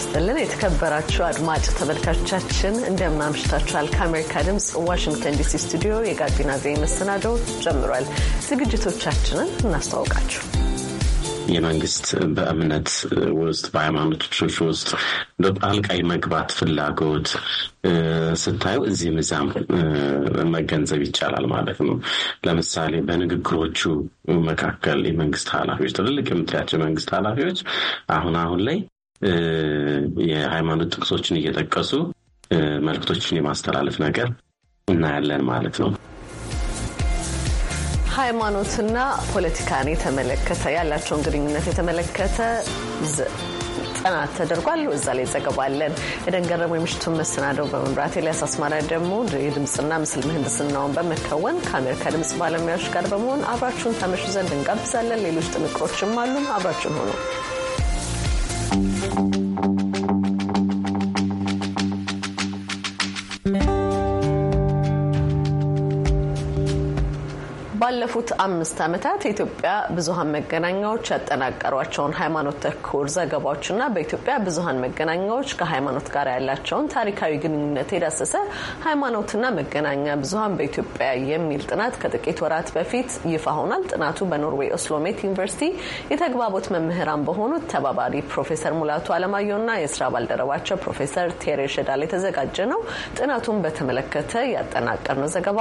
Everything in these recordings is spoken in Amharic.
ይስጥልን የተከበራችሁ አድማጭ ተመልካቾቻችን እንደምን አምሽታችኋል። ከአሜሪካ ድምፅ ዋሽንግተን ዲሲ ስቱዲዮ የጋቢና ዜ መሰናደው ጀምሯል። ዝግጅቶቻችንን እናስተዋውቃችሁ። የመንግስት በእምነት ውስጥ በሃይማኖቶች ውስጥ በጣልቃ መግባት ፍላጎት ስታዩ እዚህም እዚያም መገንዘብ ይቻላል ማለት ነው። ለምሳሌ በንግግሮቹ መካከል የመንግስት ኃላፊዎች ትልልቅ የምትያቸው የመንግስት ኃላፊዎች አሁን አሁን ላይ የሃይማኖት ጥቅሶችን እየጠቀሱ መልክቶችን የማስተላለፍ ነገር እናያለን ማለት ነው። ሃይማኖትና ፖለቲካን የተመለከተ ያላቸውን ግንኙነት የተመለከተ ጥናት ተደርጓል። እዛ ላይ ዘገባለን የደንገረሙ የምሽቱን መሰናደው በመምራት ኤልያስ አስማራ ደግሞ የድምፅና ምስል ምህንድስናውን በመከወን ከአሜሪካ ድምፅ ባለሙያዎች ጋር በመሆን አብራችሁን ታመሹ ዘንድ እንጋብዛለን። ሌሎች ጥንቅሮችም አሉ። አብራችሁን ሆኖ ባለፉት አምስት ዓመታት የኢትዮጵያ ብዙሀን መገናኛዎች ያጠናቀሯቸውን ሃይማኖት ተኮር ዘገባዎችና በኢትዮጵያ ብዙሀን መገናኛዎች ከሃይማኖት ጋር ያላቸውን ታሪካዊ ግንኙነት የዳሰሰ ሃይማኖትና መገናኛ ብዙሀን በኢትዮጵያ የሚል ጥናት ከጥቂት ወራት በፊት ይፋ ሆኗል። ጥናቱ በኖርዌይ ኦስሎሜት ዩኒቨርሲቲ የተግባቦት መምህራን በሆኑት ተባባሪ ፕሮፌሰር ሙላቱ አለማየሁና የስራ ባልደረባቸው ፕሮፌሰር ቴሬ ሸዳል የተዘጋጀ ነው። ጥናቱን በተመለከተ ያጠናቀርነው ዘገባ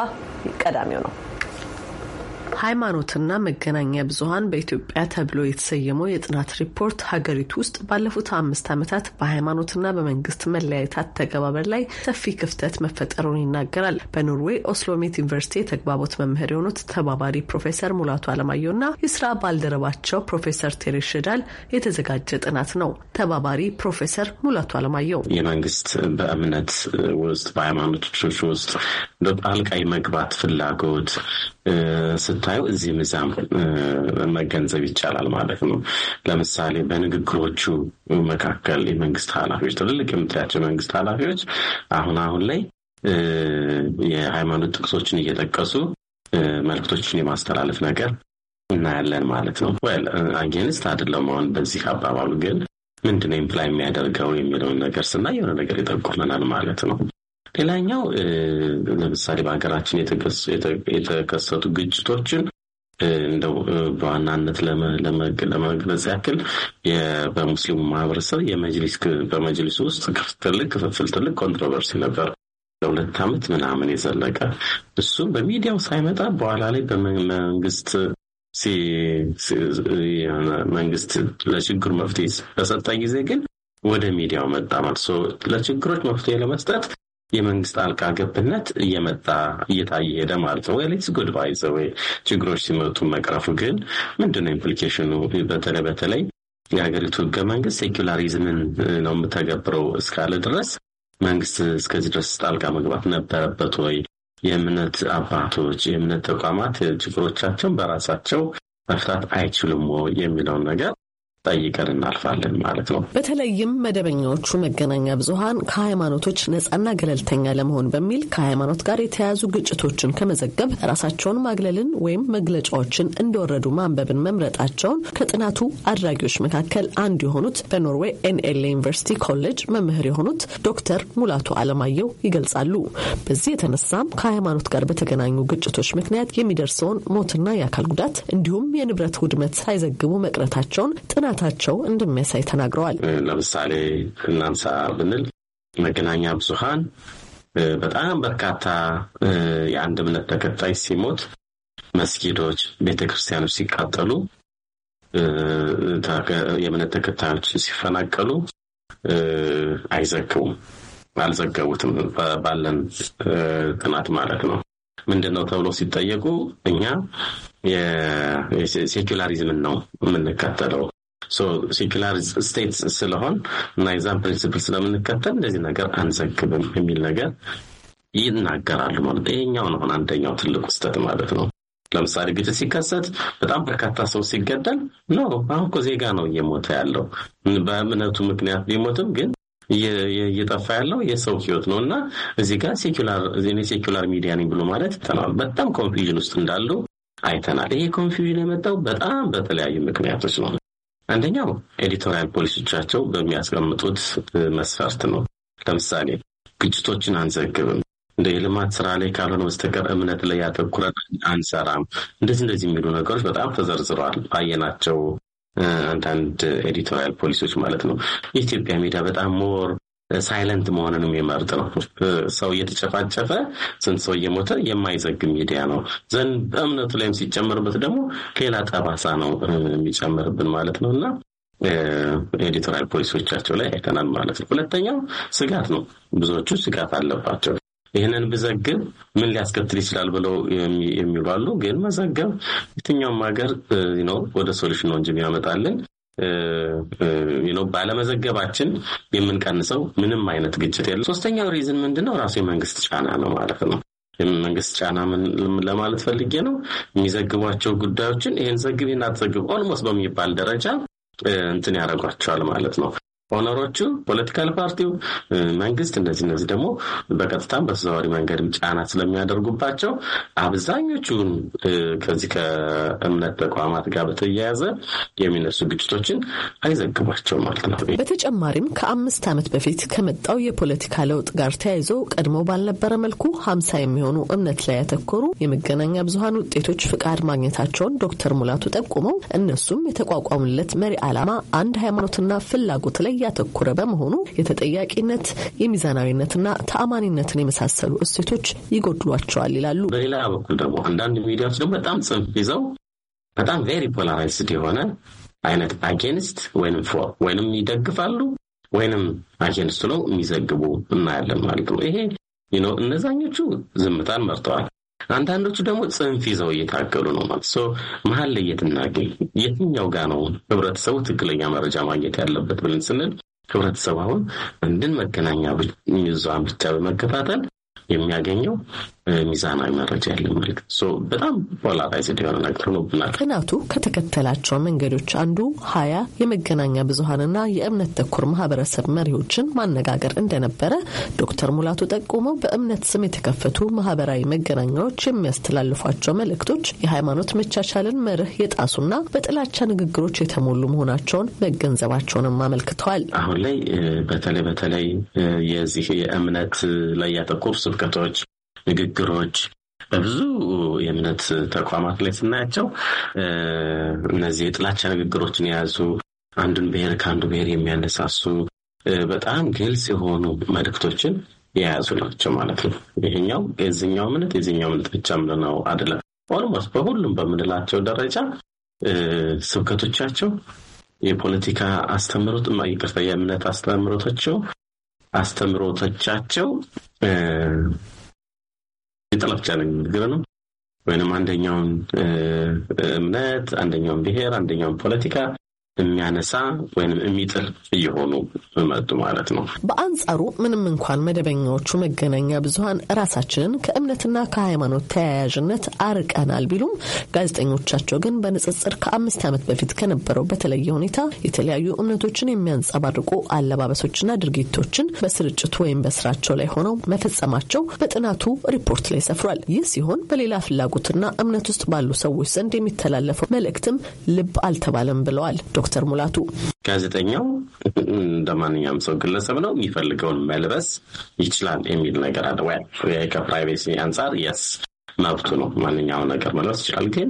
ቀዳሚው ነው። ሃይማኖትና መገናኛ ብዙሀን በኢትዮጵያ ተብሎ የተሰየመው የጥናት ሪፖርት ሀገሪቱ ውስጥ ባለፉት አምስት ዓመታት በሃይማኖትና በመንግስት መለያየት አተገባበር ላይ ሰፊ ክፍተት መፈጠሩን ይናገራል። በኖርዌይ ኦስሎሜት ዩኒቨርሲቲ የተግባቦት መምህር የሆኑት ተባባሪ ፕሮፌሰር ሙላቱ አለማየሁና የስራ ባልደረባቸው ፕሮፌሰር ቴሬስ ሸዳል የተዘጋጀ ጥናት ነው። ተባባሪ ፕሮፌሰር ሙላቱ አለማየሁ የመንግስት በእምነት ውስጥ በሃይማኖቶች ውስጥ በጣልቃይ መግባት ፍላጎት ስታዩ እዚህም እዚያም መገንዘብ ይቻላል ማለት ነው። ለምሳሌ በንግግሮቹ መካከል የመንግስት ኃላፊዎች ትልልቅ የምትያቸው መንግስት ኃላፊዎች አሁን አሁን ላይ የሃይማኖት ጥቅሶችን እየጠቀሱ መልክቶችን የማስተላለፍ ነገር እናያለን ማለት ነው። ወይል አጌንስት አይደለም አሁን በዚህ አባባሉ ግን ምንድነው ኢምፕላይ የሚያደርገው የሚለውን ነገር ስናይ የሆነ ነገር ይጠቁመናል ማለት ነው። ሌላኛው ለምሳሌ በሀገራችን የተከሰቱ ግጭቶችን እንደው በዋናነት ለመግለጽ ያክል በሙስሊሙ ማህበረሰብ የመጅሊስ በመጅሊሱ ውስጥ ትልቅ ክፍፍል፣ ትልቅ ኮንትሮቨርሲ ነበር ለሁለት ዓመት ምናምን የዘለቀ እሱ በሚዲያው ሳይመጣ በኋላ ላይ በመንግስት መንግስት ለችግሩ መፍትሄ በሰጠ ጊዜ ግን ወደ ሚዲያው መጣ ማለት ለችግሮች መፍትሄ ለመስጠት የመንግስት አልቃ ገብነት እየመጣ እየታየ ሄደ ማለት ነው። ሌትስ ጉድ ባይ ዘ ወይ ችግሮች ሲመጡ መቅረፉ ግን ምንድነው ኢምፕሊኬሽኑ? በተለይ በተለይ የሀገሪቱ ህገ መንግስት ሴኩላሪዝምን ነው የምተገብረው እስካለ ድረስ መንግስት እስከዚህ ድረስ ጣልቃ መግባት ነበረበት ወይ? የእምነት አባቶች፣ የእምነት ተቋማት ችግሮቻቸውን በራሳቸው መፍታት አይችሉም የሚለውን ነገር ጠይቀን እናልፋለን ማለት ነው። በተለይም መደበኛዎቹ መገናኛ ብዙኃን ከሃይማኖቶች ነጻና ገለልተኛ ለመሆን በሚል ከሃይማኖት ጋር የተያያዙ ግጭቶችን ከመዘገብ ራሳቸውን ማግለልን ወይም መግለጫዎችን እንደወረዱ ማንበብን መምረጣቸውን ከጥናቱ አድራጊዎች መካከል አንዱ የሆኑት በኖርዌይ ኤንኤል ዩኒቨርሲቲ ኮሌጅ መምህር የሆኑት ዶክተር ሙላቱ አለማየሁ ይገልጻሉ። በዚህ የተነሳም ከሃይማኖት ጋር በተገናኙ ግጭቶች ምክንያት የሚደርሰውን ሞትና የአካል ጉዳት እንዲሁም የንብረት ውድመት ሳይዘግቡ መቅረታቸውን ጥና ጥናታቸው እንደሚያሳይ ተናግረዋል። ለምሳሌ እናንሳ ብንል መገናኛ ብዙሃን በጣም በርካታ የአንድ እምነት ተከታይ ሲሞት፣ መስጊዶች፣ ቤተክርስቲያኖች ሲቃጠሉ፣ የእምነት ተከታዮች ሲፈናቀሉ አይዘግቡም። አልዘገቡትም ባለን ጥናት ማለት ነው። ምንድን ነው ተብሎ ሲጠየቁ እኛ ሴኩላሪዝምን ነው የምንከተለው ሴኩላር ስቴት ስለሆን እና የዛን ፕሪንስፕል ስለምንከተል እንደዚህ ነገር አንዘግብም የሚል ነገር ይናገራሉ ማለት ይሄኛው ነው አንደኛው ትልቅ ስህተት ማለት ነው። ለምሳሌ ግጭት ሲከሰት በጣም በርካታ ሰው ሲገደል ኖ አሁን እኮ ዜጋ ነው እየሞተ ያለው በእምነቱ ምክንያት ቢሞትም ግን እየጠፋ ያለው የሰው ህይወት ነው እና እዚህ ጋር ሴኩላር ሚዲያ ነኝ ብሎ ማለት ይተናል። በጣም ኮንፊውዥን ውስጥ እንዳሉ አይተናል። ይሄ ኮንፊዥን የመጣው በጣም በተለያዩ ምክንያቶች ነው። አንደኛው ኤዲቶሪያል ፖሊሲዎቻቸው በሚያስቀምጡት መስፈርት ነው። ለምሳሌ ግጭቶችን አንዘግብም፣ እንደ የልማት ስራ ላይ ካልሆነ በስተቀር እምነት ላይ ያተኩረን አንሰራም፣ እንደዚህ እንደዚህ የሚሉ ነገሮች በጣም ተዘርዝረዋል። ባየናቸው አንዳንድ ኤዲቶሪያል ፖሊሲዎች ማለት ነው። የኢትዮጵያ ሚዲያ በጣም ሞር ሳይለንት መሆንን የሚመርጥ ነው። ሰው እየተጨፋጨፈ ስንት ሰው እየሞተ የማይዘግ ሚዲያ ነው። ዘን በእምነቱ ላይም ሲጨምርበት ደግሞ ሌላ ጠባሳ ነው የሚጨምርብን ማለት ነው እና ኤዲቶሪያል ፖሊሲዎቻቸው ላይ አይተናል ማለት ነው። ሁለተኛው ስጋት ነው። ብዙዎቹ ስጋት አለባቸው። ይህንን ብዘግብ ምን ሊያስከትል ይችላል ብለው የሚሉ አሉ። ግን መዘገብ የትኛውም ሀገር ነው ወደ ሶሉሽን ነው እንጂ የሚያመጣልን ባለመዘገባችን የምንቀንሰው ምንም አይነት ግጭት የለም። ሶስተኛው ሪዝን ምንድነው? ራሱ የመንግስት ጫና ነው ማለት ነው። መንግስት ጫና ለማለት ፈልጌ ነው። የሚዘግቧቸው ጉዳዮችን ይህን ዘግብ ይህን አትዘግብ ኦልሞስት በሚባል ደረጃ እንትን ያደርጓቸዋል ማለት ነው። ኦነሮቹ ፖለቲካል ፓርቲው፣ መንግስት እነዚህ እነዚህ ደግሞ በቀጥታም በተዘዋዋሪ መንገድም ጫና ስለሚያደርጉባቸው አብዛኞቹን ከዚህ ከእምነት ተቋማት ጋር በተያያዘ የሚነሱ ግጭቶችን አይዘግቧቸው ማለት ነው። በተጨማሪም ከአምስት ዓመት በፊት ከመጣው የፖለቲካ ለውጥ ጋር ተያይዞ ቀድሞ ባልነበረ መልኩ ሀምሳ የሚሆኑ እምነት ላይ ያተኮሩ የመገናኛ ብዙሀን ውጤቶች ፍቃድ ማግኘታቸውን ዶክተር ሙላቱ ጠቁመው እነሱም የተቋቋሙለት መሪ ዓላማ አንድ ሃይማኖትና ፍላጎት ላይ ያተኮረ በመሆኑ የተጠያቂነት የሚዛናዊነትና ተአማኒነትን የመሳሰሉ እሴቶች ይጎድሏቸዋል ይላሉ። በሌላ በኩል ደግሞ አንዳንድ ሚዲያዎች ደግሞ በጣም ጽንፍ ይዘው በጣም ቬሪ ፖላራይዝድ የሆነ አይነት አጌንስት ወይም ፎ ወይንም ይደግፋሉ ወይንም አጌንስት ነው የሚዘግቡ እናያለን ማለት ነው። ይሄ እነዛኞቹ ዝምታን መርጠዋል። አንዳንዶቹ ደግሞ ጽንፍ ይዘው እየታገሉ ነው ማለት ሶ መሀል ላይ የት እናገኝ? የትኛው ጋ ነው ህብረተሰቡ ትክክለኛ መረጃ ማግኘት ያለበት ብለን ስንል ህብረተሰቡ አሁን አንድን መገናኛ ብዙሃን ብቻ በመከታተል የሚያገኘው ሚዛናዊ መረጃ ያለ ማለት ነው። በጣም ፖላራይዝድ የሆነ ነገር ብናል። ጥናቱ ከተከተላቸው መንገዶች አንዱ ሀያ የመገናኛ ብዙሀንና የእምነት ተኮር ማህበረሰብ መሪዎችን ማነጋገር እንደነበረ ዶክተር ሙላቱ ጠቁመው በእምነት ስም የተከፈቱ ማህበራዊ መገናኛዎች የሚያስተላልፏቸው መልእክቶች የሃይማኖት መቻቻልን መርህ የጣሱና በጥላቻ ንግግሮች የተሞሉ መሆናቸውን መገንዘባቸውንም አመልክተዋል። አሁን ላይ በተለይ በተለይ የዚህ የእምነት ላይ ስብከቶች ንግግሮች በብዙ የእምነት ተቋማት ላይ ስናያቸው እነዚህ የጥላቻ ንግግሮችን የያዙ አንዱን ብሔር ከአንዱ ብሔር የሚያነሳሱ በጣም ግልጽ የሆኑ መልእክቶችን የያዙ ናቸው ማለት ነው። ይሄኛው የዚኛው እምነት የዚኛው እምነት ብቻ ምንነው አይደለም። ኦልሞስት በሁሉም በምንላቸው ደረጃ ስብከቶቻቸው የፖለቲካ አስተምሮት ይቅርታ፣ የእምነት አስተምሮቶቸው አስተምሮቶቻቸው የጠላት ብቻ ንግግር ነው ወይም አንደኛውን እምነት፣ አንደኛውን ብሔር፣ አንደኛውን ፖለቲካ የሚያነሳ ወይም የሚጥል እየሆኑ መጡ ማለት ነው። በአንጻሩ ምንም እንኳን መደበኛዎቹ መገናኛ ብዙኃን ራሳችንን ከእምነትና ከሃይማኖት ተያያዥነት አርቀናል ቢሉም ጋዜጠኞቻቸው ግን በንጽጽር ከአምስት ዓመት በፊት ከነበረው በተለየ ሁኔታ የተለያዩ እምነቶችን የሚያንጸባርቁ አለባበሶችና ድርጊቶችን በስርጭቱ ወይም በስራቸው ላይ ሆነው መፈጸማቸው በጥናቱ ሪፖርት ላይ ሰፍሯል። ይህ ሲሆን በሌላ ፍላጎትና እምነት ውስጥ ባሉ ሰዎች ዘንድ የሚተላለፈው መልእክትም ልብ አልተባለም ብለዋል። ዶክተር ሙላቱ ጋዜጠኛው እንደ ማንኛውም ሰው ግለሰብ ነው፣ የሚፈልገውን መልበስ ይችላል የሚል ነገር አለ። ከፕራይቬሲ አንጻር የስ መብቱ ነው፣ ማንኛው ነገር መልበስ ይችላል። ግን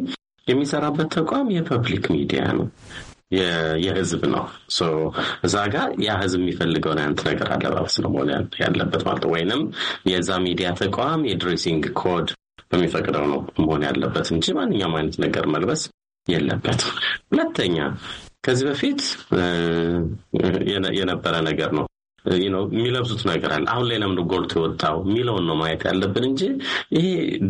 የሚሰራበት ተቋም የፐብሊክ ሚዲያ ነው የህዝብ ነው። እዛ ጋር ያ ህዝብ የሚፈልገውን አይነት ነገር አለባበስ ነው መሆን ያለበት ማለት ነው። ወይንም የዛ ሚዲያ ተቋም የድሬሲንግ ኮድ በሚፈቅደው ነው መሆን ያለበት እንጂ ማንኛውም አይነት ነገር መልበስ የለበትም። ሁለተኛ ከዚህ በፊት የነበረ ነገር ነው። ነው የሚለብሱት ነገር አለ። አሁን ላይ ለምን ጎልቶ የወጣው የሚለውን ነው ማየት ያለብን እንጂ ይሄ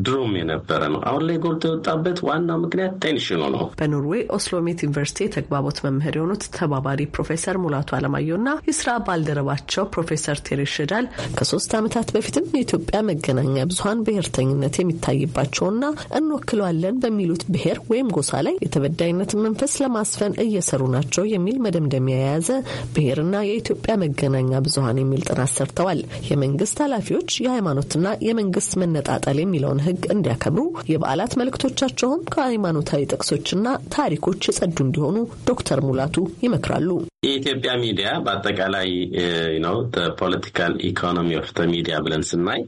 ድሮም የነበረ ነው። አሁን ላይ ጎልቶ የወጣበት ዋና ምክንያት ቴንሽኑ ነው። በኖርዌይ ኦስሎሜት ዩኒቨርሲቲ የተግባቦት መምህር የሆኑት ተባባሪ ፕሮፌሰር ሙላቱ አለማየሁና የስራ ባልደረባቸው ፕሮፌሰር ቴሬ ሽዳል ከሶስት ዓመታት በፊትም የኢትዮጵያ መገናኛ ብዙኃን ብሔርተኝነት የሚታይባቸውና እንወክለዋለን በሚሉት ብሔር ወይም ጎሳ ላይ የተበዳይነት መንፈስ ለማስፈን እየሰሩ ናቸው የሚል መደምደሚያ የያዘ ብሔርና የኢትዮጵያ መገናኛ ብዙሀን የሚል ጥናት ሰርተዋል። የመንግስት ኃላፊዎች የሃይማኖትና የመንግስት መነጣጠል የሚለውን ህግ እንዲያከብሩ፣ የበዓላት መልእክቶቻቸውም ከሃይማኖታዊ ጥቅሶችና ታሪኮች የጸዱ እንዲሆኑ ዶክተር ሙላቱ ይመክራሉ። የኢትዮጵያ ሚዲያ በአጠቃላይ ነው ፖለቲካል ኢኮኖሚ ኦፍ ሚዲያ ብለን ስናይ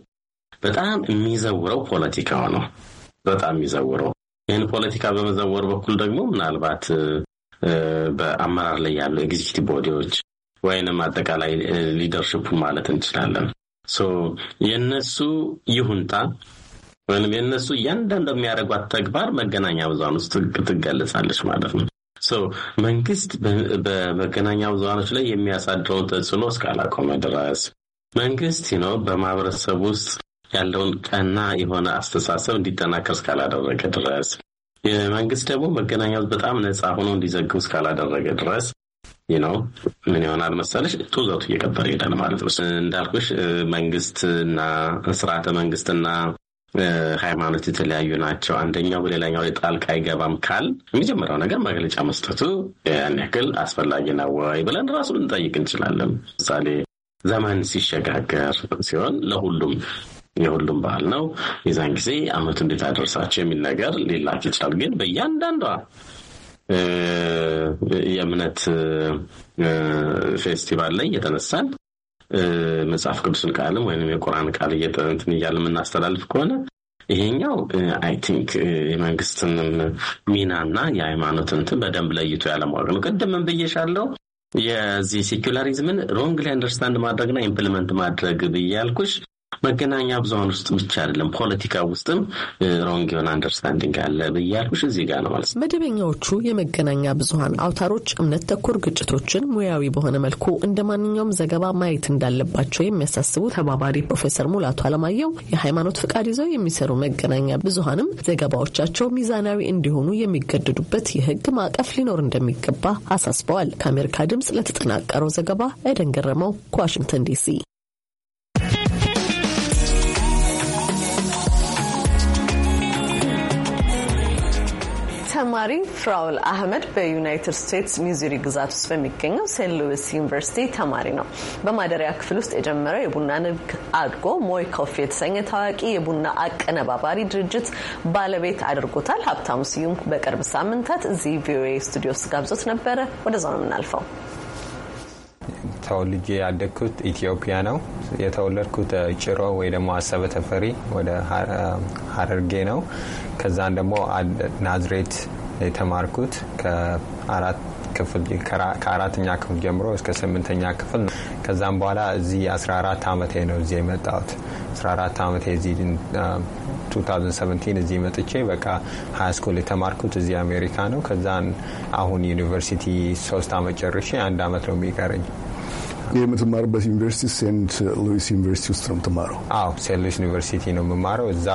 በጣም የሚዘውረው ፖለቲካው ነው። በጣም የሚዘውረው ይህን ፖለቲካ በመዘወር በኩል ደግሞ ምናልባት በአመራር ላይ ያሉ ኤግዚኪቲቭ ቦዲዎች ወይንም አጠቃላይ ሊደርሽፑ ማለት እንችላለን። የእነሱ ይሁንታ ወይም የእነሱ እያንዳንዱ የሚያደርጓት ተግባር መገናኛ ብዙሃን ውስጥ ትገለጻለች ማለት ነው። መንግስት በመገናኛ ብዙሃኖች ላይ የሚያሳድረውን ተጽዕኖ እስካላቆመ ድረስ መንግስት ነው በማህበረሰብ ውስጥ ያለውን ቀና የሆነ አስተሳሰብ እንዲጠናከር እስካላደረገ ድረስ መንግስት ደግሞ መገናኛ በጣም ነፃ ሆኖ እንዲዘግቡ እስካላደረገ ድረስ ነው ምን ይሆናል መሰለሽ ቱዘቱ እየቀጠለ ይሄዳል ማለት ነው። እንዳልኩሽ መንግስትና ስርዓተ መንግስትና ሃይማኖት የተለያዩ ናቸው። አንደኛው በሌላኛው ላይ ጣልቃ አይገባም ካል የመጀመሪያው ነገር መግለጫ መስጠቱ ያን ያክል አስፈላጊ ነው ወይ ብለን ራሱ ልንጠይቅ እንችላለን። ምሳሌ ዘመን ሲሸጋገር ሲሆን ለሁሉም የሁሉም ባህል ነው። የዛን ጊዜ አመቱ እንዴት አደረሳቸው የሚል ነገር ሌላቸው ይችላል። ግን በእያንዳንዷ የእምነት ፌስቲቫል ላይ እየተነሳን መጽሐፍ ቅዱስን ቃልም ወይም የቁርአን ቃል እየጠንትን እያለ የምናስተላልፍ ከሆነ ይሄኛው አይ ቲንክ የመንግስትንም ሚናና የሃይማኖትን በደንብ ለይቶ ያለማወቅ ነው። ቅድምን ብዬሻለው የዚህ ሴኩላሪዝምን ሮንግ ላይ አንደርስታንድ ማድረግና ኢምፕሊመንት ማድረግ ብዬ ያልኩሽ መገናኛ ብዙሀን ውስጥ ብቻ አይደለም ፖለቲካ ውስጥም ሮንግ የሆነ አንደርስታንዲንግ አለ ብያልኩሽ እዚህ ጋር ነው ማለት ነው። መደበኛዎቹ የመገናኛ ብዙሀን አውታሮች እምነት ተኮር ግጭቶችን ሙያዊ በሆነ መልኩ እንደ ማንኛውም ዘገባ ማየት እንዳለባቸው የሚያሳስቡ ተባባሪ ፕሮፌሰር ሙላቱ አለማየሁ የሃይማኖት ፍቃድ ይዘው የሚሰሩ መገናኛ ብዙሀንም ዘገባዎቻቸው ሚዛናዊ እንዲሆኑ የሚገደዱበት የህግ ማዕቀፍ ሊኖር እንደሚገባ አሳስበዋል። ከአሜሪካ ድምጽ ለተጠናቀረው ዘገባ ኤደን ገረመው ከዋሽንግተን ዲሲ ተማሪ ፍራውል አህመድ በዩናይትድ ስቴትስ ሚዙሪ ግዛት ውስጥ በሚገኘው ሴንት ሉዊስ ዩኒቨርሲቲ ተማሪ ነው። በማደሪያ ክፍል ውስጥ የጀመረው የቡና ንግድ አድጎ ሞይ ኮፊ የተሰኘ ታዋቂ የቡና አቀነባባሪ ድርጅት ባለቤት አድርጎታል። ሀብታሙ ስዩም በቅርብ ሳምንታት እዚህ ቪኦኤ ስቱዲዮ ውስጥ ጋብዞት ነበረ። ወደዛ ነው የምናልፈው። ተወልጄ ያደግኩት ኢትዮጵያ ነው። የተወለድኩት ጭሮ ወይ ደግሞ አሰበ ተፈሪ ወደ ሀረርጌ ነው። ከዛን ደግሞ ናዝሬት የተማርኩት ከአራት ክፍል ከአራተኛ ክፍል ጀምሮ እስከ ስምንተኛ ክፍል ነው። ከዛም በኋላ እዚህ 14 ዓመቴ ነው እዚህ የመጣሁት። 14 ዓመቴ እዚህ 2017 እዚህ መጥቼ በቃ ሀይ ስኩል የተማርኩት እዚህ አሜሪካ ነው። ከዛን አሁን ዩኒቨርሲቲ ሶስት ዓመት ጨርሼ አንድ ዓመት ነው የሚቀረኝ። የምትማርበት ዩኒቨርሲቲ ሴንት ሉዊስ ዩኒቨርሲቲ ውስጥ ነው የምትማረው? አዎ ሴንት ሉዊስ ዩኒቨርሲቲ ነው የምማረው። እዛ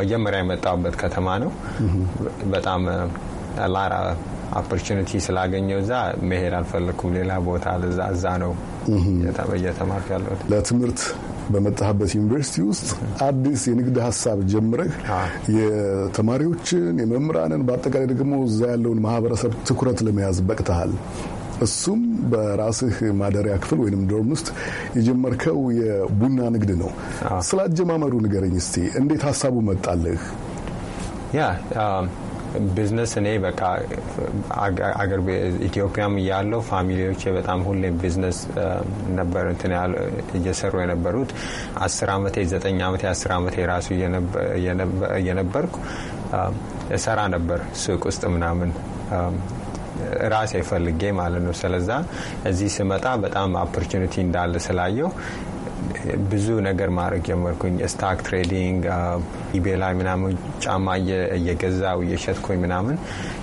መጀመሪያ የመጣሁበት ከተማ ነው። በጣም ላራ ኦፖርቹኒቲ ስላገኘው እዛ መሄድ አልፈለግኩም ሌላ ቦታ ለዛ እዛ ነው እየተማር ያለት ለትምህርት በመጣህበት ዩኒቨርሲቲ ውስጥ አዲስ የንግድ ሀሳብ ጀምረህ የተማሪዎችን የመምህራንን፣ በአጠቃላይ ደግሞ እዛ ያለውን ማህበረሰብ ትኩረት ለመያዝ በቅተሃል። እሱም በራስህ ማደሪያ ክፍል ወይም ዶርም ውስጥ የጀመርከው የቡና ንግድ ነው። ስለ አጀማመሩ ንገረኝ እስቲ፣ እንዴት ሀሳቡ መጣልህ? ቢዝነስ እኔ በቃ አገር ኢትዮጵያም ያለው ፋሚሊዎች በጣም ሁሌም ቢዝነስ ነበር እንትን እየሰሩ የነበሩት አስር ዓመቴ ዘጠኝ ዓመቴ አስር ዓመቴ ራሱ እየነበርኩ እሰራ ነበር ሱቅ ውስጥ ምናምን ራሴ ፈልጌ ማለት ነው። ስለዛ እዚህ ስመጣ በጣም ኦፖርቹኒቲ እንዳለ ስላየው ብዙ ነገር ማድረግ ጀመርኩኝ። ስታክ ትሬዲንግ ኢቤ ላይ ምናምን ጫማ እየገዛው እየሸጥኩኝ ምናምን።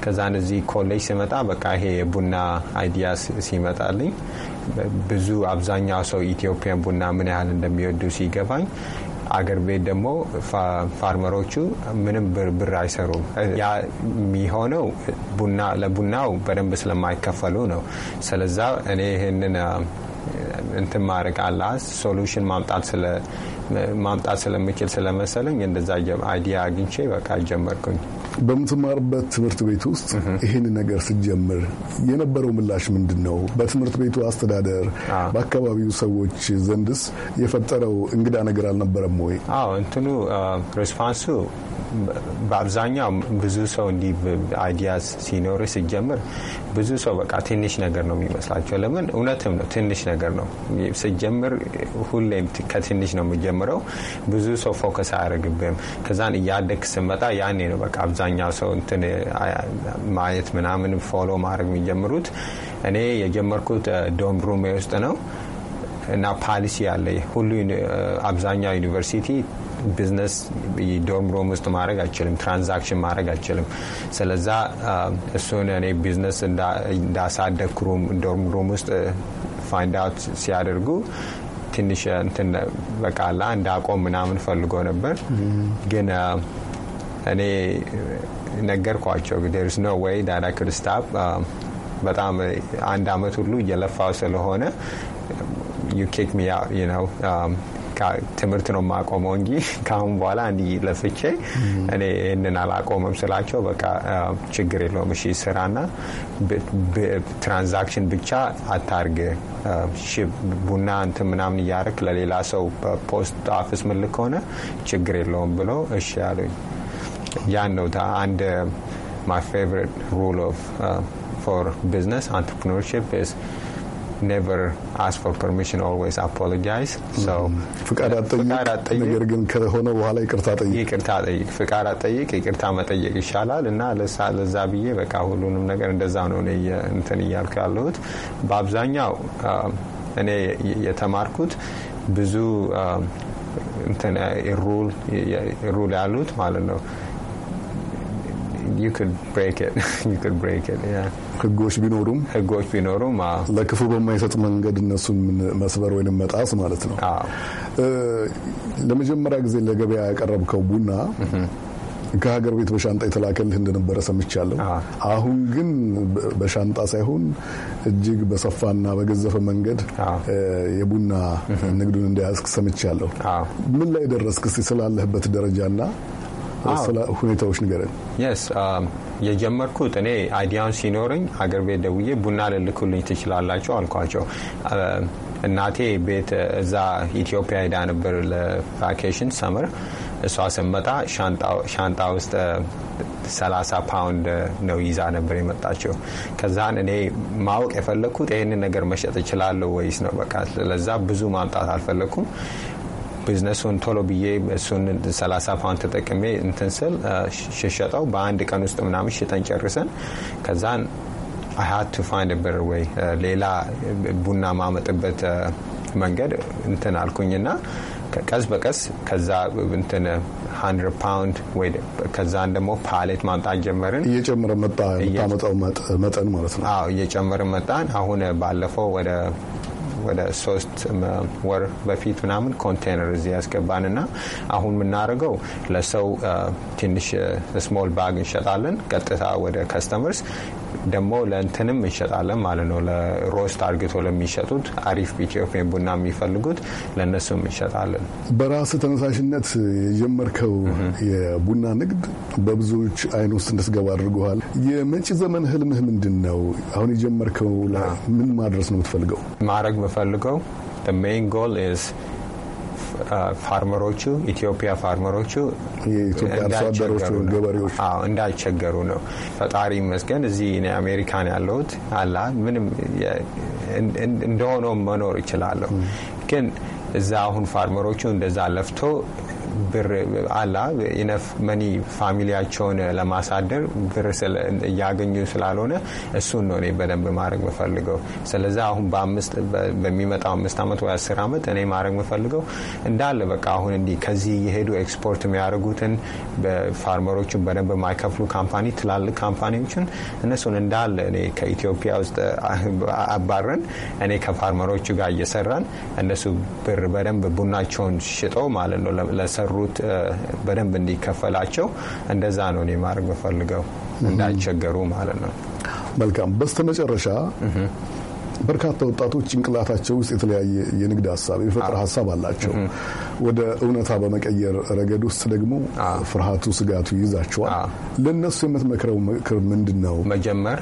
ከዛ እዚህ ኮሌጅ ስመጣ በቃ ይሄ የቡና አይዲያ ሲመጣልኝ ብዙ አብዛኛው ሰው ኢትዮጵያን ቡና ምን ያህል እንደሚወዱ ሲገባኝ አገር ቤት ደግሞ ፋርመሮቹ ምንም ብር አይሰሩም። ያ የሚሆነው ቡና ለቡናው በደንብ ስለማይከፈሉ ነው። ስለዛ እኔ ይህንን እንትን ማድረግ አለ ሶሉሽን ማምጣት ማምጣት ስለምችል ስለመሰለኝ እንደዛ አይዲያ አግኝቼ በቃ ጀመርኩኝ። በምትማርበት ትምህርት ቤት ውስጥ ይህን ነገር ስትጀምር የነበረው ምላሽ ምንድን ነው? በትምህርት ቤቱ አስተዳደር፣ በአካባቢው ሰዎች ዘንድስ የፈጠረው እንግዳ ነገር አልነበረም ወይ? አዎ እንትኑ ሬስፖንሱ በአብዛኛው ብዙ ሰው እንዲህ አይዲያ ሲኖር ሲጀምር ብዙ ሰው በቃ ትንሽ ነገር ነው የሚመስላቸው። ለምን እውነትም ነው፣ ትንሽ ነገር ነው። ስጀምር ሁሌም ከትንሽ ነው የሚጀምር ጀምረው ብዙ ሰው ፎከስ አያደርግብም። ከዛን እያደግ ስመጣ ያኔ ነው በቃ አብዛኛው ሰው እንትን ማየት ምናምን ፎሎ ማድረግ የሚጀምሩት። እኔ የጀመርኩት ዶም ሩሜ ውስጥ ነው እና ፓሊሲ አለ ሁሉ አብዛኛው ዩኒቨርሲቲ ቢዝነስ ዶም ሮም ውስጥ ማድረግ አይችልም፣ ትራንዛክሽን ማድረግ አይችልም። ስለዛ እሱን እኔ ቢዝነስ እንዳሳደግ ዶርም ሮም ውስጥ ፋይንድ አውት ሲያደርጉ ትንሽ በቃ አንድ አቆም ምናምን ፈልጎ ነበር ግን እኔ ነገርኳቸው ዴርስ ኖ ወይ ዳዳ ክርስታፕ በጣም አንድ አመት ሁሉ እየለፋው ስለሆነ ዩ ኬክ ሚ በቃ ትምህርት ነው የማቆመው እንጂ ከአሁን በኋላ እንዲ ለፍቼ እኔ ይህንን አላቆመም ስላቸው በቃ ችግር የለውም እሺ ስራና ትራንዛክሽን ብቻ አታርግ ቡና እንት ምናምን እያደረክ ለሌላ ሰው በፖስት አፊስ ምልክ ከሆነ ችግር የለውም ብለው እሺ አሉኝ። ያን ነው አንድ ማይ ፌቨሪት ሩል ኦፍ ፎር ቢዝነስ አንትርፕሪነርሺፕ never ask for permission, always apologize. So ፍቃድ mm-hmm. አጠይቅ፣ uh, ነገር ግን ከሆነ በኋላ ይቅርታ ጠይቅ። ይቅርታ ጠይቅ፣ ፍቃድ አጠይቅ፣ ይቅርታ መጠየቅ ይሻላል እና ለዛ ብዬ በቃ ሁሉንም ነገር እንደዛ ነው እንትን እያልኩ ያለሁት በአብዛኛው እኔ የተማርኩት ብዙ ሩል ያሉት ማለት ነው ህጎች ቢኖሩም ህጎች ቢኖሩም ለክፉ በማይሰጥ መንገድ እነሱን መስበር ወይም መጣስ ማለት ነው። ለመጀመሪያ ጊዜ ለገበያ ያቀረብከው ቡና ከሀገር ቤት በሻንጣ የተላከልህ እንደነበረ ሰምቻለሁ። አሁን ግን በሻንጣ ሳይሆን እጅግ በሰፋና በገዘፈ መንገድ የቡና ንግዱን እንዳያስክ ሰምቻለሁ። ምን ላይ ደረስክ? ስላለህበት ደረጃና ስለ ሁኔታዎች ንገረን። የስ um, የጀመርኩት እኔ አይዲያን ሲኖርኝ አገር ቤት ደውዬ ቡና ልልኩልኝ ትችላላቸው አልኳቸው። um, እናቴ ቤት እዛ ኢትዮጵያ ሄዳ ነበር ለቫኬሽን ሰምር። እሷ ስመጣ ሻንጣ ውስጥ 30 ፓውንድ ነው ይዛ ነበር የመጣቸው። ከዛን እኔ ማወቅ የፈለግኩት ይህንን ነገር መሸጥ እችላለሁ ወይስ ነው። በቃ ለዛ ብዙ ማምጣት አልፈለግኩም። ቢዝነሱን ቶሎ ብዬ እሱን 30 ፓውንድ ተጠቅሜ እንትን ስል ሽሸጠው በአንድ ቀን ውስጥ ምናምን ሽጠን ጨርሰን ከዛን አይ ሀድ ቱ ፋይንድ ብር ወይ ሌላ ቡና ማመጥበት መንገድ እንትን አልኩኝና ቀስ በቀስ ከዛ እንትን ሀንድ ፓውንድ ወይ ከዛን ደግሞ ፓሌት ማምጣት ጀመርን። እየጨመረ መጣ፣ የምታመጣው መጠን ማለት ነው። አዎ እየጨመረ መጣን። አሁን ባለፈው ወደ ወደ ሶስት ወር በፊት ምናምን ኮንቴነር እዚህ ያስገባን ና አሁን የምናደርገው ለሰው ትንሽ ስሞል ባግ እንሸጣለን። ቀጥታ ወደ ከስተመርስ ደግሞ ለእንትንም እንሸጣለን ማለት ነው። ለሮስት አርግቶ ለሚሸጡት አሪፍ ኢትዮጵያን ቡና የሚፈልጉት ለእነሱም እንሸጣለን። በራስ ተነሳሽነት የጀመርከው የቡና ንግድ በብዙዎች አይን ውስጥ እንድትገባ አድርገዋል። የመጪ ዘመን ህልምህ ምንድን ነው? አሁን የጀመርከው ምን ማድረስ ነው የምትፈልገው? ማድረግ የምፈልገው ሜን ጎል ፋርመሮቹ ኢትዮጵያ ፋርመሮቹ የኢትዮጵያ እንዳልቸገሩ ነው። ፈጣሪ ይመስገን እዚህ አሜሪካን ያለሁት አላ ምንም እንደሆነው መኖር ይችላለሁ። ግን እዛ አሁን ፋርመሮቹ እንደዛ ለፍቶ ብር አላ ኢነፍ መኒ ፋሚሊያቸውን ለማሳደር ብር እያገኙ ስላልሆነ እሱን ነው እኔ በደንብ ማድረግ የምፈልገው። ስለዚ አሁን በሚመጣው አምስት ዓመት ወይ አስር ዓመት እኔ ማድረግ የምፈልገው እንዳለ በቃ አሁን እንዲህ ከዚህ የሄዱ ኤክስፖርት የሚያደርጉትን ፋርመሮችን በደንብ የማይከፍሉ ካምፓኒ ትላልቅ ካምፓኒዎችን እነሱን እንዳለ እኔ ከኢትዮጵያ ውስጥ አባረን እኔ ከፋርመሮቹ ጋር እየሰራን እነሱ ብር በደንብ ቡናቸውን ሽጠው ማለት ነው ለሰሩት በደንብ እንዲከፈላቸው እንደዛ ነው እኔ ማድረግ በፈልገው እንዳይቸገሩ ማለት ነው። መልካም። በስተመጨረሻ በርካታ ወጣቶች ጭንቅላታቸው ውስጥ የተለያየ የንግድ ሀሳብ የፈጠረ ሀሳብ አላቸው። ወደ እውነታ በመቀየር ረገድ ውስጥ ደግሞ ፍርሃቱ፣ ስጋቱ ይይዛቸዋል። ለእነሱ የምትመክረው ምክር ምንድን ነው? መጀመር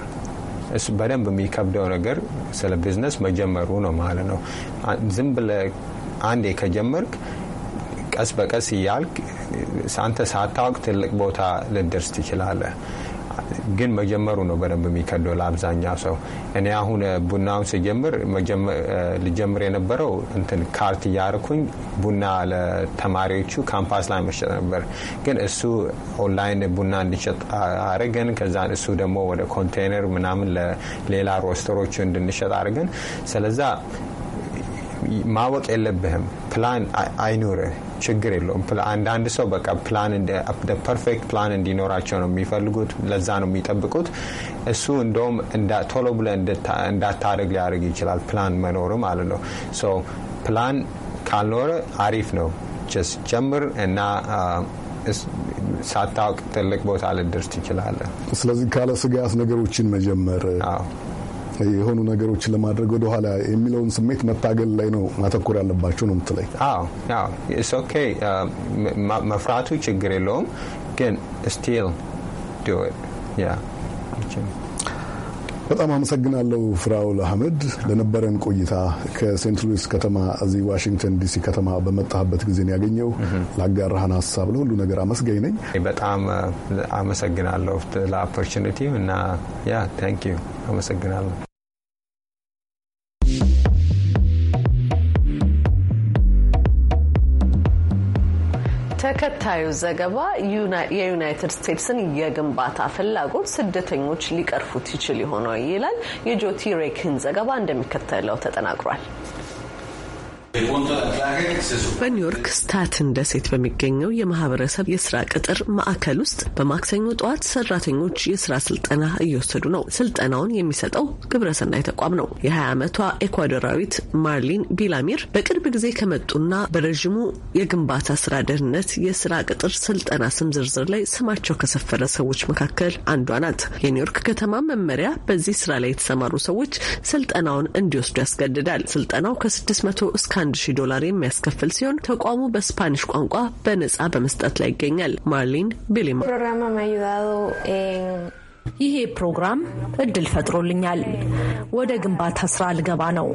እሱ በደንብ የሚከብደው ነገር ስለ ቢዝነስ መጀመሩ ነው ማለት ነው። ዝም ብለህ አንዴ ከጀመርክ ቀስ በቀስ እያልክ አንተ ሳታውቅ ትልቅ ቦታ ልደርስ ትችላለህ። ግን መጀመሩ ነው በደንብ የሚከደው ለአብዛኛው ሰው። እኔ አሁን ቡናውን ስጀምር ልጀምር የነበረው እንትን ካርት እያርኩኝ ቡና ለተማሪዎቹ ካምፓስ ላይ መሸጥ ነበር። ግን እሱ ኦንላይን ቡና እንዲሸጥ አድርገን ከዛ እሱ ደግሞ ወደ ኮንቴይነር ምናምን ለሌላ ሮስተሮቹ እንድንሸጥ አድርገን ስለዛ ማወቅ የለብህም። ፕላን አይኑርህ፣ ችግር የለውም። አንዳንድ ሰው በቃ ፕላን ፐርፌክት ፕላን እንዲኖራቸው ነው የሚፈልጉት፣ ለዛ ነው የሚጠብቁት። እሱ እንደውም ቶሎ ብለህ እንዳታደርግ ሊያደርግ ይችላል። ፕላን መኖር ማለት ነው። ሶ ፕላን ካልኖረ አሪፍ ነው። ጀምር እና ሳታውቅ ትልቅ ቦታ ልደርስ ትችላለህ። ስለዚህ ካለ ስጋት ነገሮችን መጀመር የሆኑ ነገሮችን ለማድረግ ወደኋላ የሚለውን ስሜት መታገል ላይ ነው ማተኮር ያለባቸው ነው የምትለኝ? ኦኬ፣ uh, መፍራቱ ችግር የለውም ግን ስቲል በጣም አመሰግናለሁ ፍራውል አህመድ ለነበረን ቆይታ። ከሴንት ሉዊስ ከተማ እዚህ ዋሽንግተን ዲሲ ከተማ በመጣህበት ጊዜ ያገኘው ለአጋራህን ሀሳብ ለሁሉ ነገር አመስጋኝ ነኝ። በጣም አመሰግናለሁ ለኦፖርቹኒቲ እና ያ ታንክ ዩ አመሰግናለሁ። ተከታዩ ዘገባ የዩናይትድ ስቴትስን የግንባታ ፍላጎት ስደተኞች ሊቀርፉት ይችል ይሆነ ይላል። የጆቲ ሬክን ዘገባ እንደሚከተለው ተጠናቅሯል። በኒውዮርክ ስታትን ደሴት በሚገኘው የማህበረሰብ የስራ ቅጥር ማዕከል ውስጥ በማክሰኞ ጠዋት ሰራተኞች የስራ ስልጠና እየወሰዱ ነው። ስልጠናውን የሚሰጠው ግብረሰናይ ተቋም ነው። የ20 ዓመቷ ኤኳዶራዊት ማርሊን ቢላሚር በቅርብ ጊዜ ከመጡና በረዥሙ የግንባታ ስራ ደህንነት የስራ ቅጥር ስልጠና ስም ዝርዝር ላይ ስማቸው ከሰፈረ ሰዎች መካከል አንዷ ናት። የኒውዮርክ ከተማ መመሪያ በዚህ ስራ ላይ የተሰማሩ ሰዎች ስልጠናውን እንዲወስዱ ያስገድዳል። ስልጠናው ከ600 እስከ 1 ዶላር የሚያስከፍል ሲሆን ተቋሙ በስፓኒሽ ቋንቋ በነጻ በመስጠት ላይ ይገኛል። ማርሊን ቢሊማ ይሄ ፕሮግራም እድል ፈጥሮልኛል። ወደ ግንባታ ስራ ልገባ ነው።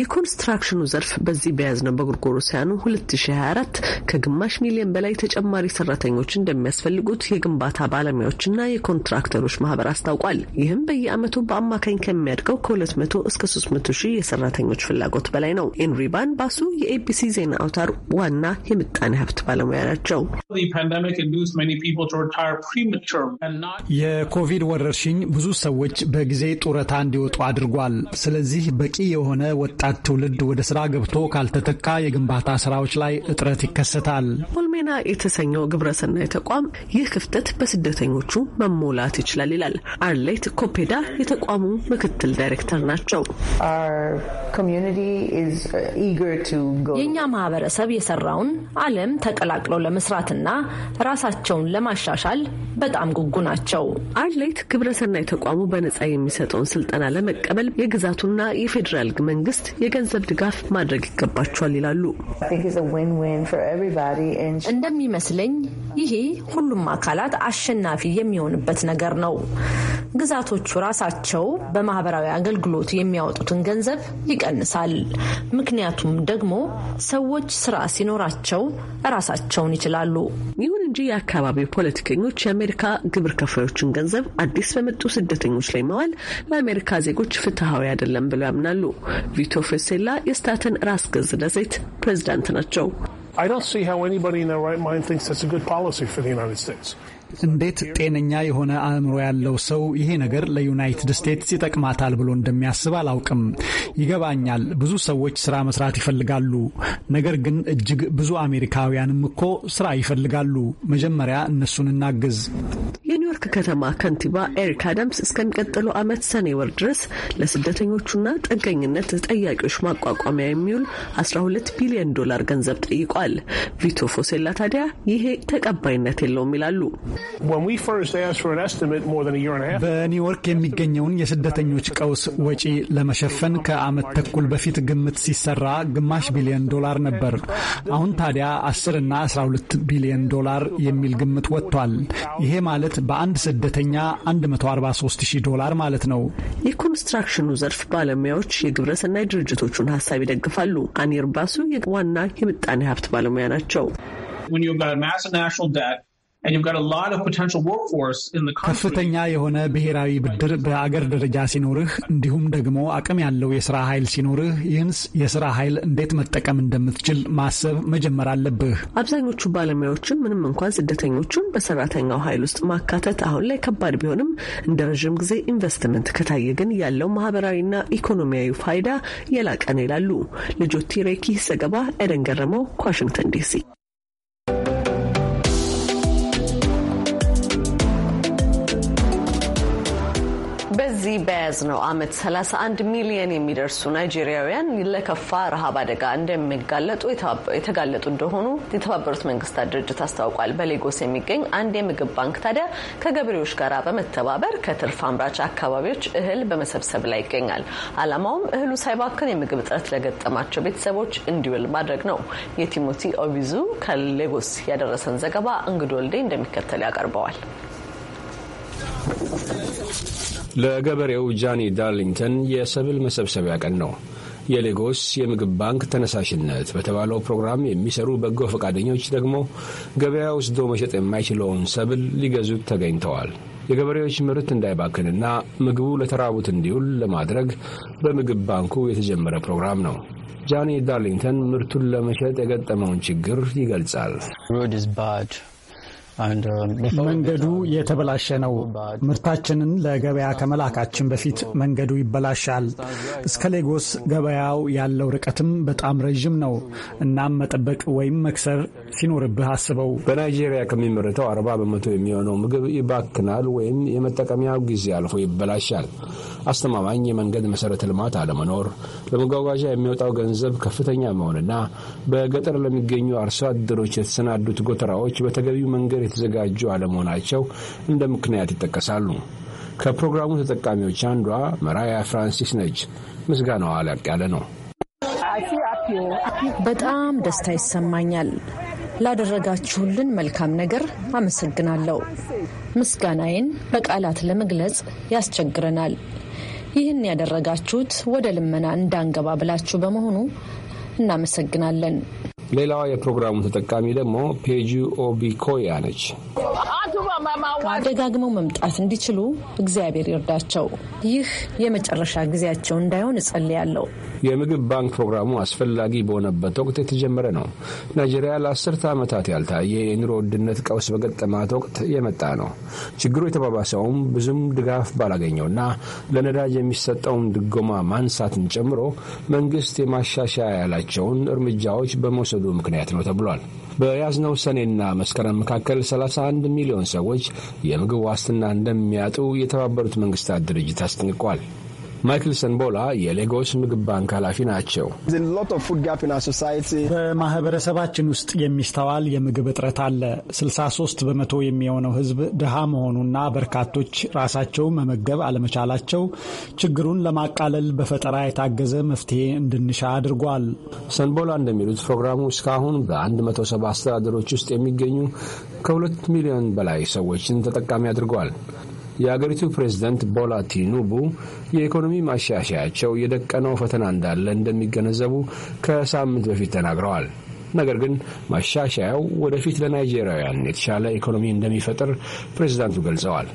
የኮንስትራክሽኑ ዘርፍ በዚህ በያዝነው በጎርጎሮሳውያኑ 2024 ከግማሽ ሚሊዮን በላይ ተጨማሪ ሰራተኞች እንደሚያስፈልጉት የግንባታ ባለሙያዎችና የኮንትራክተሮች ማህበር አስታውቋል። ይህም በየዓመቱ በአማካኝ ከሚያድገው ከ200 እስከ 300 ሺህ የሰራተኞች ፍላጎት በላይ ነው። ኤንሪ ባን ባሱ የኤቢሲ ዜና አውታር ዋና የምጣኔ ሀብት ባለሙያ ናቸው። የኮቪድ ወረርሽኝ ብዙ ሰዎች በጊዜ ጡረታ እንዲወጡ አድርጓል። ስለዚህ በቂ የሆነ ወጣ ወጣት ትውልድ ወደ ስራ ገብቶ ካልተተካ የግንባታ ስራዎች ላይ እጥረት ይከሰታል። ሁልሜና የተሰኘው ግብረሰናይ ተቋም ይህ ክፍተት በስደተኞቹ መሞላት ይችላል ይላል። አርሌት ኮፔዳ የተቋሙ ምክትል ዳይሬክተር ናቸው። የእኛ ማህበረሰብ የሰራውን ዓለም ተቀላቅለው ለመስራትና ራሳቸውን ለማሻሻል በጣም ጉጉ ናቸው። አርሌት ግብረሰናይ ተቋሙ በነጻ የሚሰጠውን ስልጠና ለመቀበል የግዛቱና የፌዴራል መንግስት የገንዘብ ድጋፍ ማድረግ ይገባቸዋል ይላሉ። እንደሚመስለኝ ይሄ ሁሉም አካላት አሸናፊ የሚሆንበት ነገር ነው። ግዛቶቹ ራሳቸው በማህበራዊ አገልግሎት የሚያወጡትን ገንዘብ ይቀንሳል። ምክንያቱም ደግሞ ሰዎች ስራ ሲኖራቸው ራሳቸውን ይችላሉ። ይሁን እንጂ የአካባቢው ፖለቲከኞች የአሜሪካ ግብር ከፋዮችን ገንዘብ አዲስ በመጡ ስደተኞች ላይ መዋል ለአሜሪካ ዜጎች ፍትሐዊ አይደለም ብለው ያምናሉ። ቪቶ ፌሴላ የስታትን ራስ ገዝ ደሴት ፕሬዚዳንት ናቸው። I don't see how anybody in their right mind thinks that's a good policy for the United States. እንዴት ጤነኛ የሆነ አእምሮ ያለው ሰው ይሄ ነገር ለዩናይትድ ስቴትስ ይጠቅማታል ብሎ እንደሚያስብ አላውቅም። ይገባኛል፣ ብዙ ሰዎች ስራ መስራት ይፈልጋሉ። ነገር ግን እጅግ ብዙ አሜሪካውያንም እኮ ስራ ይፈልጋሉ። መጀመሪያ እነሱን እናግዝ። የኒውዮርክ ከተማ ከንቲባ ኤሪክ አዳምስ እስከሚቀጥለው ዓመት ሰኔ ወር ድረስ ለስደተኞቹና ጥገኝነት ጠያቂዎች ማቋቋሚያ የሚውል 12 ቢሊዮን ዶላር ገንዘብ ጠይቋል። ቪቶ ፎሴላ ታዲያ ይሄ ተቀባይነት የለውም ይላሉ። በኒውዮርክ የሚገኘውን የስደተኞች ቀውስ ወጪ ለመሸፈን ከዓመት ተኩል በፊት ግምት ሲሰራ ግማሽ ቢሊዮን ዶላር ነበር። አሁን ታዲያ 10 እና 12 ቢሊዮን ዶላር የሚል ግምት ወጥቷል። ይሄ ማለት በአ ለአንድ ስደተኛ 143,000 ዶላር ማለት ነው። የኮንስትራክሽኑ ዘርፍ ባለሙያዎች የግብረሰናይ ድርጅቶቹን ሀሳብ ይደግፋሉ። አኒር ባሱ ዋና የምጣኔ ሀብት ባለሙያ ናቸው። when got a massive national debt ከፍተኛ የሆነ ብሔራዊ ብድር በአገር ደረጃ ሲኖርህ እንዲሁም ደግሞ አቅም ያለው የስራ ኃይል ሲኖርህ ይህንስ የስራ ኃይል እንዴት መጠቀም እንደምትችል ማሰብ መጀመር አለብህ። አብዛኞቹ ባለሙያዎችም ምንም እንኳን ስደተኞቹን በሰራተኛው ኃይል ውስጥ ማካተት አሁን ላይ ከባድ ቢሆንም እንደ ረዥም ጊዜ ኢንቨስትመንት ከታየ ግን ያለው ማህበራዊና ኢኮኖሚያዊ ፋይዳ የላቀ ነው ይላሉ። ልጆቲ ሬኪ ዘገባ፣ ኤደን ገረመው ከዋሽንግተን ዲሲ በዚህ በያዝነው ዓመት 31 ሚሊየን የሚደርሱ ናይጄሪያውያን ለከፋ ረሃብ አደጋ እንደሚጋለጡ የተጋለጡ እንደሆኑ የተባበሩት መንግስታት ድርጅት አስታውቋል። በሌጎስ የሚገኝ አንድ የምግብ ባንክ ታዲያ ከገበሬዎች ጋር በመተባበር ከትርፍ አምራች አካባቢዎች እህል በመሰብሰብ ላይ ይገኛል። ዓላማውም እህሉ ሳይባክን የምግብ እጥረት ለገጠማቸው ቤተሰቦች እንዲውል ማድረግ ነው። የቲሞቲ ኦቢዙ ከሌጎስ ያደረሰን ዘገባ እንግዶ ወልዴ እንደሚከተል ያቀርበዋል። ለገበሬው ጃኒ ዳርሊንግተን የሰብል መሰብሰቢያ ቀን ነው። የሌጎስ የምግብ ባንክ ተነሳሽነት በተባለው ፕሮግራም የሚሰሩ በጎ ፈቃደኞች ደግሞ ገበያ ወስዶ መሸጥ የማይችለውን ሰብል ሊገዙት ተገኝተዋል። የገበሬዎች ምርት እንዳይባክንና ምግቡ ለተራቡት እንዲውል ለማድረግ በምግብ ባንኩ የተጀመረ ፕሮግራም ነው። ጃኒ ዳርሊንግተን ምርቱን ለመሸጥ የገጠመውን ችግር ይገልጻል። መንገዱ የተበላሸ ነው። ምርታችንን ለገበያ ከመላካችን በፊት መንገዱ ይበላሻል። እስከ ሌጎስ ገበያው ያለው ርቀትም በጣም ረዥም ነው። እናም መጠበቅ ወይም መክሰር ሲኖርብህ አስበው። በናይጄሪያ ከሚመረተው አርባ በመቶ የሚሆነው ምግብ ይባክናል ወይም የመጠቀሚያው ጊዜ አልፎ ይበላሻል። አስተማማኝ የመንገድ መሰረተ ልማት አለመኖር፣ ለመጓጓዣ የሚወጣው ገንዘብ ከፍተኛ መሆንና በገጠር ለሚገኙ አርሶ አደሮች የተሰናዱት ጎተራዎች በተገቢው መንገድ የተዘጋጁ አለመሆናቸው እንደ ምክንያት ይጠቀሳሉ። ከፕሮግራሙ ተጠቃሚዎች አንዷ መራያ ፍራንሲስ ነች። ምስጋናዋ ላቅ ያለ ነው። በጣም ደስታ ይሰማኛል። ላደረጋችሁልን መልካም ነገር አመሰግናለሁ። ምስጋናዬን በቃላት ለመግለጽ ያስቸግረናል። ይህን ያደረጋችሁት ወደ ልመና እንዳንገባ ብላችሁ በመሆኑ እናመሰግናለን። ሌላዋ የፕሮግራሙ ተጠቃሚ ደግሞ ፔጂ ኦቢኮያ ነች። አደጋግመው መምጣት እንዲችሉ እግዚአብሔር ይርዳቸው። ይህ የመጨረሻ ጊዜያቸው እንዳይሆን እጸልያለሁ። የምግብ ባንክ ፕሮግራሙ አስፈላጊ በሆነበት ወቅት የተጀመረ ነው። ናይጄሪያ ለአስርተ ዓመታት ያልታየ የኑሮ ውድነት ቀውስ በገጠማት ወቅት የመጣ ነው። ችግሩ የተባባሰውም ብዙም ድጋፍ ባላገኘውና ለነዳጅ የሚሰጠውን ድጎማ ማንሳትን ጨምሮ መንግስት የማሻሻያ ያላቸውን እርምጃዎች በመውሰዱ ምክንያት ነው ተብሏል። በያዝነው ሰኔና መስከረም መካከል 31 ሚሊዮን ሰዎች የምግብ ዋስትና እንደሚያጡ የተባበሩት መንግስታት ድርጅት አስጠንቅቋል። ማይክል ሰንቦላ የሌጎስ ምግብ ባንክ ኃላፊ ናቸው። በማህበረሰባችን ውስጥ የሚስተዋል የምግብ እጥረት አለ። 63 በመቶ የሚሆነው ህዝብ ድሃ መሆኑና በርካቶች ራሳቸው መመገብ አለመቻላቸው ችግሩን ለማቃለል በፈጠራ የታገዘ መፍትሄ እንድንሻ አድርጓል። ሰንቦላ እንደሚሉት ፕሮግራሙ እስካሁን በ170 አስተዳደሮች ውስጥ የሚገኙ ከሁለት ሚሊዮን በላይ ሰዎችን ተጠቃሚ አድርጓል። የአገሪቱ ፕሬዝደንት ቦላ ቲኑቡ የኢኮኖሚ ማሻሻያቸው የደቀነው ፈተና እንዳለ እንደሚገነዘቡ ከሳምንት በፊት ተናግረዋል። ነገር ግን ማሻሻያው ወደፊት ለናይጄሪያውያን የተሻለ ኢኮኖሚ እንደሚፈጥር ፕሬዝዳንቱ ገልጸዋል።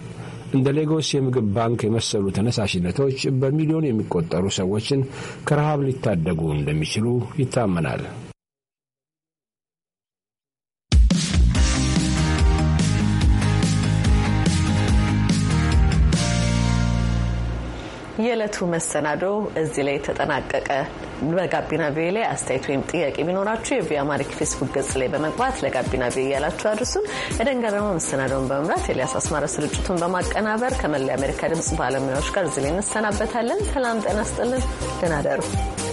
እንደ ሌጎስ የምግብ ባንክ የመሰሉ ተነሳሽነቶች በሚሊዮን የሚቆጠሩ ሰዎችን ከረሃብ ሊታደጉ እንደሚችሉ ይታመናል። የዕለቱ መሰናዶ እዚህ ላይ ተጠናቀቀ። በጋቢና ቪ ላይ አስተያየት ወይም ጥያቄ ቢኖራችሁ የቪ አማሪክ ፌስቡክ ገጽ ላይ በመግባት ለጋቢና ቪ እያላችሁ አድርሱን። ኤደን መሰናዶውን በመምራት ኤልያስ አስማረ ስርጭቱን በማቀናበር ከመላ የአሜሪካ ድምጽ ባለሙያዎች ጋር እዚህ ላይ እንሰናበታለን። ሰላም ጤና ስጥልን። ደናደሩ ደሩ።